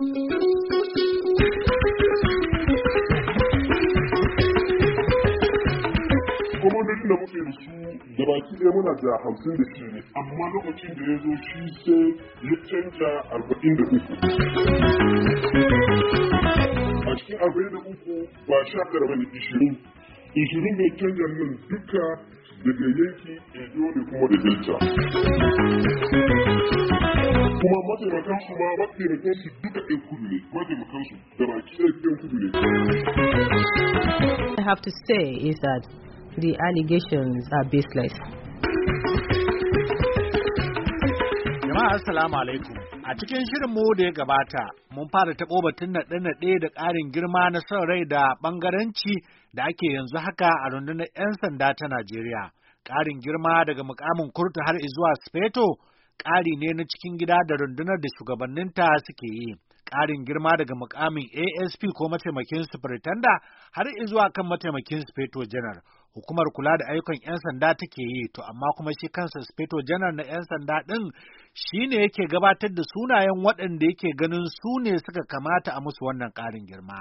Gwamnonin da muke da su da baki ɗaya muna da hamsin da shi ne, amma lokacin da ya zo shi sai ya canja arba'in da uku. A cikin arba'in da uku ba sha tara ba ne ishirin. Ishirin mai canja nan duka daga yanki edo da kuma da delta kuma mataimakan su ma mataimakan su duka ɗin kudu ne mataimakan su da baki ɗin kudu ne I have to say is that the allegations are baseless. Jama'a assalamu alaikum. A cikin shirin mu da ya gabata, mun fara taɓo batun na naɗe-naɗe da ƙarin girma na son rai da ɓangaranci da ake yanzu haka a rundunar 'yan sanda ta Najeriya. Ƙarin girma daga mukamin Kurta har zuwa Sufeto, ƙari ne na cikin gida da rundunar da shugabanninta suke yi. Ƙarin girma daga mukamin ASP ko mataimakin Superintendent har zuwa kan mataimakin Sufeto Janar. hukumar kula da ayyukan 'yan sanda take yi to amma kuma shi kansa speto janar na 'yan sanda ɗin shi ne yake gabatar da sunayen waɗanda yake ganin su ne suka kamata a musu wannan ƙarin girma.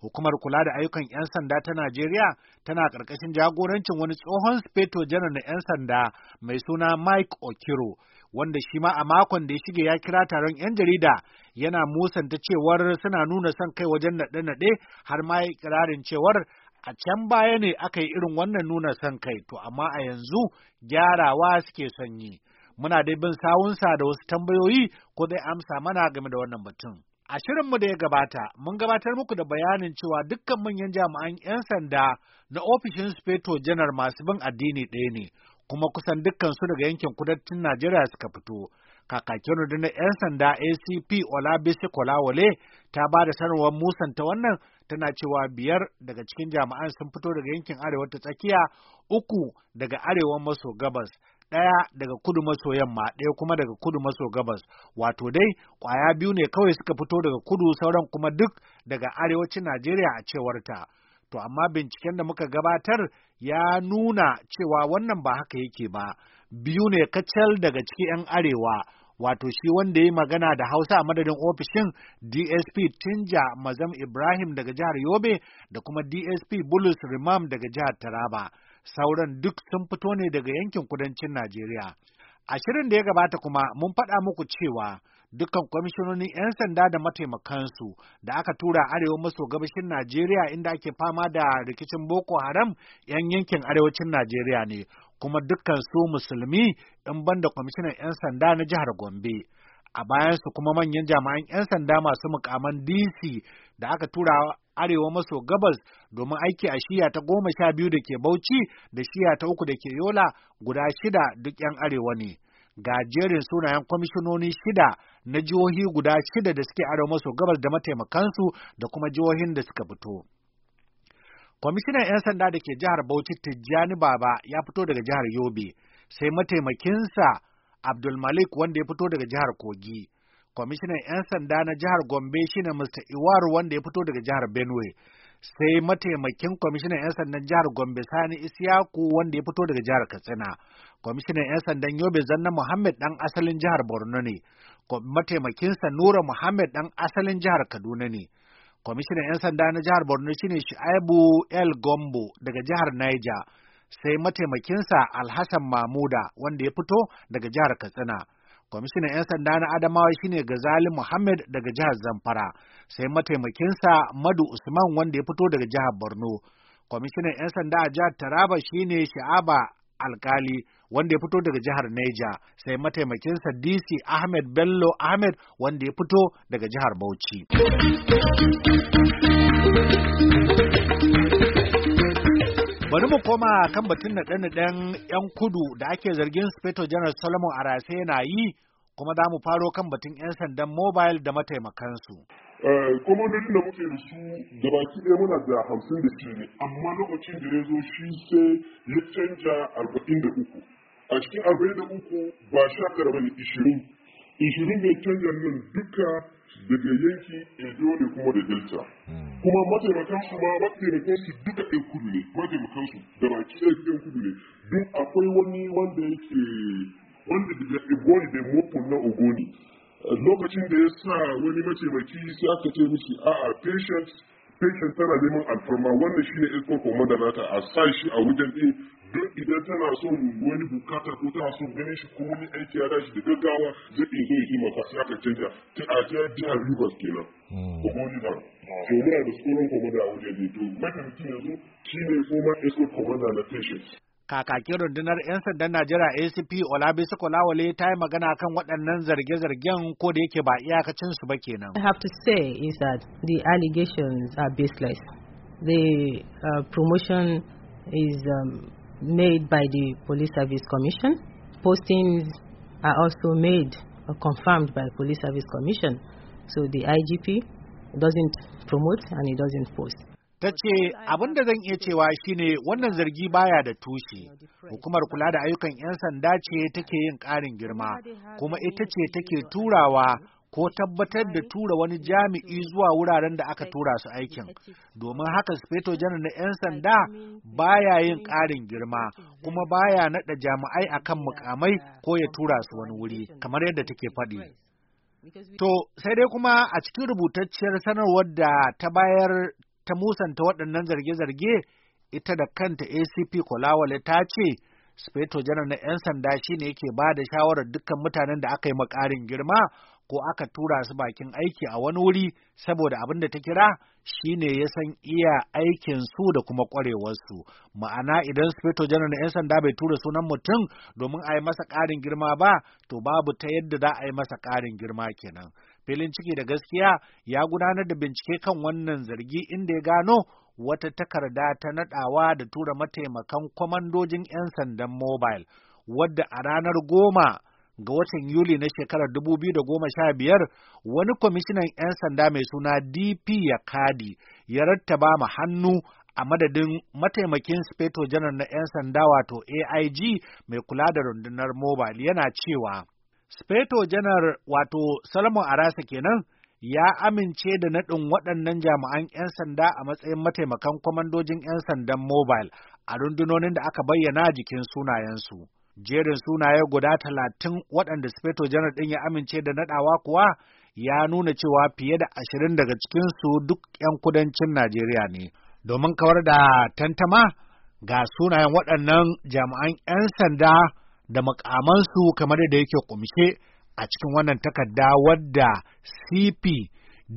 Hukumar kula da ayyukan 'yan sanda ta Najeriya tana ƙarƙashin jagorancin wani tsohon speto janar na 'yan sanda mai suna Mike Okiro. wanda shi ma a makon da ya shige ya kira taron 'yan jarida yana musanta cewar suna nuna son kai wajen naɗe-naɗe har ma ya kirarin cewar a can baya ne aka yi irin wannan nuna son kai to amma a yanzu gyarawa suke son yi. Muna dai bin sawunsa da wasu tambayoyi ko dai amsa mana game da wannan batun. A shirinmu da ya gabata, mun gabatar muku da bayanin cewa dukkan manyan jami'an 'yan sanda na ofishin Speto Janar masu bin addini ɗaya ne, kuma kusan dukkan su daga yankin kudancin Najeriya suka fito, kakakin rundunar 'yan sanda acp olabisi kolawole ta ba da sanarwar ta wannan tana cewa biyar daga cikin jami'an sun fito daga yankin arewa ta tsakiya uku daga arewa maso gabas ɗaya daga kudu maso yamma ɗaya kuma daga kudu maso gabas wato dai ƙwaya biyu ne kawai suka fito daga kudu sauran kuma duk daga arewacin najeriya a cewar ta to amma binciken da muka gabatar ya nuna cewa wannan ba haka yake ba biyu ne kacal daga cikin 'yan arewa wato shi wanda ya magana da Hausa a madadin ofishin DSP Tinja Mazam Ibrahim daga jihar Yobe da kuma DSP Bulus Rimam daga jihar Taraba. Sauran duk sun fito ne daga yankin kudancin Najeriya. A shirin da ya gabata kuma mun faɗa muku cewa dukkan kwamishinonin 'yan sanda da mataimakansu da aka tura arewa maso gabashin Najeriya inda ake fama da rikicin Boko Haram 'yan yankin arewacin Najeriya ne kuma dukkan su musulmi in banda kwamishinan 'yan sanda na jihar Gombe. A bayansu kuma manyan jami'an 'yan sanda masu mukaman DC da aka tura arewa maso gabas domin aiki a shiya ta goma sha biyu da ke Bauchi da shiya ta uku da ke Yola guda shida duk 'yan arewa ne. Ga jerin sunayen kwamishinoni shida na jihohi guda shida da suke arewa maso gabas da mataimakansu da kuma jihohin da suka fito. Kwamishinan 'yan sanda da ke jihar Bauchi Tijjani Baba ya fito daga jihar Yobe, sai mataimakinsa Abdulmalik wanda ya fito daga jihar Kogi. Kwamishinan 'yan sanda na jihar Gombe shine Mr. Iwaru wanda ya fito daga jihar Benue. sai mataimakin kwamishinan 'yan sandan jihar Gombe Sani Isiyaku wanda ya fito daga jihar Katsina. Kwamishinan 'yan sandan Yobe Zanna Muhammad ɗan asalin jihar Borno ne. Mataimakinsa Nura Muhammad ɗan asalin jihar Kaduna ne. kwamishinan 'yan sanda na jihar borno shine shu'aibu el gombo daga jihar niger sai mataimakinsa alhassan mamuda wanda ya fito daga jihar katsina kwamishinan 'yan sanda na adamawa shine gazali muhammad daga jihar zamfara sai mataimakinsa madu usman wanda ya fito daga jihar borno kwamishinan 'yan sanda a jihar taraba shine sha'aba alkali wanda ya fito daga jihar Neja sai mataimakinsa DC Ahmed Bello Ahmed wanda ya fito daga jihar Bauchi. mu koma kan batun ɗan ɗan 'yan kudu da ake zargin Speto General Solomon Arase na yi kuma za mu faro kan batun 'yan sandan mobile da mataimakansu. Eh, Kwamandarin da muke da su da baki ɗaya muna da hamsin da shi ne, amma lokacin da ya zo shi sai ya canja arba'in da uku. A cikin arba'in da uku ba sha tara bane ishirin ishirin da kenya nan duka daga yanki edo ne kuma da delta kuma mataimakan su ma mataimakan su duka ɗin kudu ne mataimakan su da baki ɗan kudu ne don akwai wani wanda yake wanda daga igoni da mopo na ogoni lokacin da ya sa wani mataimaki sai aka ce mishi a patient patient tana neman alfarma wannan shine da commander ta a sa shi a wajen ɗin don idan tana son wani bukata ko tana son ganin shi ko wani aiki ya dashi da gaggawa zai iya zo ya ji maka sai aka canja ta ajiyar jihar Rivers kenan ko wani ba to muna da tsoron komanda a wajen ne to mataimakin yanzu shine former escort commander na patients kakakin rundunar 'yan sandan Najeriya ACP Olabi Sokolawale ta yi magana kan waɗannan zarge-zargen ko da yake ba iyakacin su ba kenan. I have to say is that the allegations are baseless. The uh, promotion is um, made by the Police Service Commission. Postings are also made or confirmed by Police Service Commission. So the IGP doesn't promote and he doesn't post. ta ce abin da zan iya cewa shine wannan zargi baya da tushe hukumar kula da ayyukan 'yan sanda ce take yin ƙarin girma kuma ita ce take turawa ko tabbatar da tura wani jami'i zuwa wuraren da aka tura su aikin domin haka speto janar na 'yan sanda baya yin ƙarin girma kuma baya naɗa jami'ai akan mukamai ko ya tura su wani wuri kamar yadda take faɗi to sai dai kuma a cikin rubutacciyar sanarwar da ta bayar ta musanta waɗannan zarge-zarge ita da kanta acp kolawale ta ce speto janar na 'yan sanda shine yake ba da shawarar dukkan mutanen da aka yi makarin girma ko aka tura su bakin aiki a wani wuri saboda abin da ta kira shine ya san iya aikin su da kuma kwarewarsu ma'ana idan fito janar na 'yan sanda bai tura sunan mutum domin a yi masa ƙarin girma ba to babu ta yadda za a yi masa ƙarin girma kenan filin ciki da gaskiya ya gudanar da bincike kan wannan zargi inda ya gano wata takarda ta naɗawa da tura mataimakan kwamandojin 'yan sandan mobile wadda a ranar goma ga watan Yuli na shekarar 2015 wani kwamishinan 'yan sanda mai suna DP ya kadi ya rattaba ma hannu a madadin mataimakin speto janar na 'yan sanda wato AIG mai kula da rundunar mobile yana cewa speto janar wato Solomon Arasa kenan ya amince da naɗin waɗannan jami'an 'yan sanda a matsayin mataimakan kwamandojin 'yan sandan mobile a rundunonin da aka bayyana jikin sunayensu. jerin sunaye guda talatin waɗanda Sufeto Janar ɗin ya amince da naɗawa kuwa ya nuna cewa fiye da ashirin daga cikinsu duk 'yan kudancin Najeriya ne. Domin kawar da tantama ga sunayen waɗannan jami'an 'yan sanda da makamansu kamar da yake kumshe a cikin wannan takarda wadda CP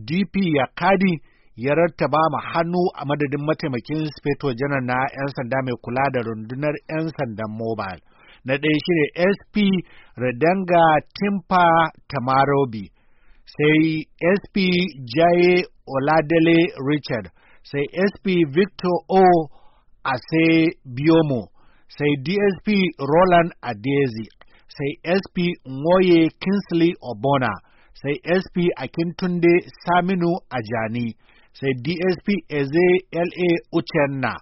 DP kadi ya rattaba ma hannu a madadin mataimakin Sufeto Janar na 'yan sanda mai kula da rundunar 'yan sandan mobile. na ɗaya shine sp radanga timpa tamarobi sai sp jaye oladele richard sai sp victor o ase biomo sai dsp roland adezi sai sp ngoye kinsley obona sai sp akintunde saminu ajani sai dsp eze la uchenna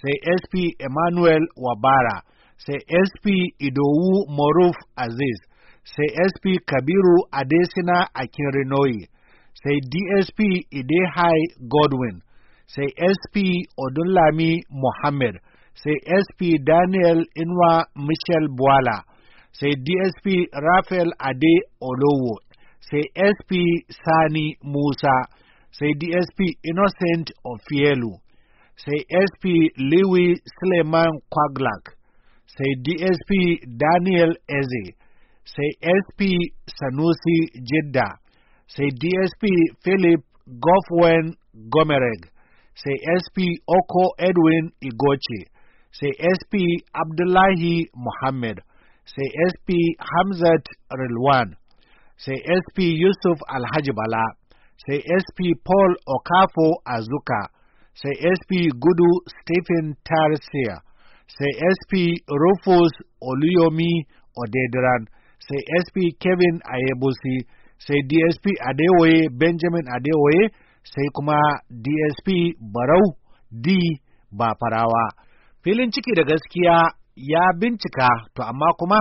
sai sp emmanuel wabara sai sp idowu Maruf aziz sai sp kabiru adesina akinrinoyi sai dsp idehai godwin sai sp odunlami mohammed sai sp daniel inwa michel bwala sai dsp rafael ade olowo sai sp sani musa sai dsp innocent ofielu sai sp lewi suleiman kwaglak sai DSP Daniel Eze, sai SP Sanusi Jidda, sai DSP Philip Goffwen Gomereg, sai SP Oko Edwin Igoce, sai SP Abdullahi Muhammad, sai SP Hamzat Rilwan, sai SP Yusuf Alhaji Bala, sai SP Paul Okafo Azuka, sai SP Gudu Stephen Tarsier. sai sp rufus oluyomi odedran sai sp kevin ayebusi sai dsp adewoye benjamin adewoye sai kuma dsp barau d ba farawa filin ciki da gaskiya ya bincika to amma kuma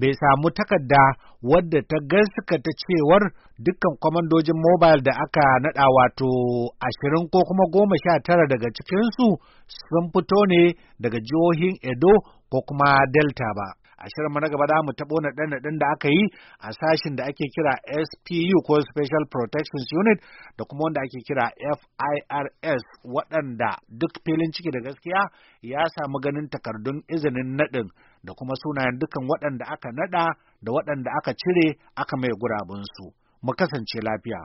bai samu takarda wadda ta gaskata cewar dukkan kwamandojin mobile da aka naɗa wato ashirin ko kuma goma sha tara daga cikinsu sun fito ne daga jihohin Edo ko kuma Delta ba. a shirinmu na gaba da mu taɓo na ɗan da aka yi a sashin da ake kira SPU ko Special Protection Unit da kuma wanda ake kira FIRS waɗanda duk filin ciki da gaskiya ya samu ganin takardun izinin naɗin da kuma sunayen dukan waɗanda aka naɗa da waɗanda aka cire aka mai gurabunsu, Mu kasance lafiya.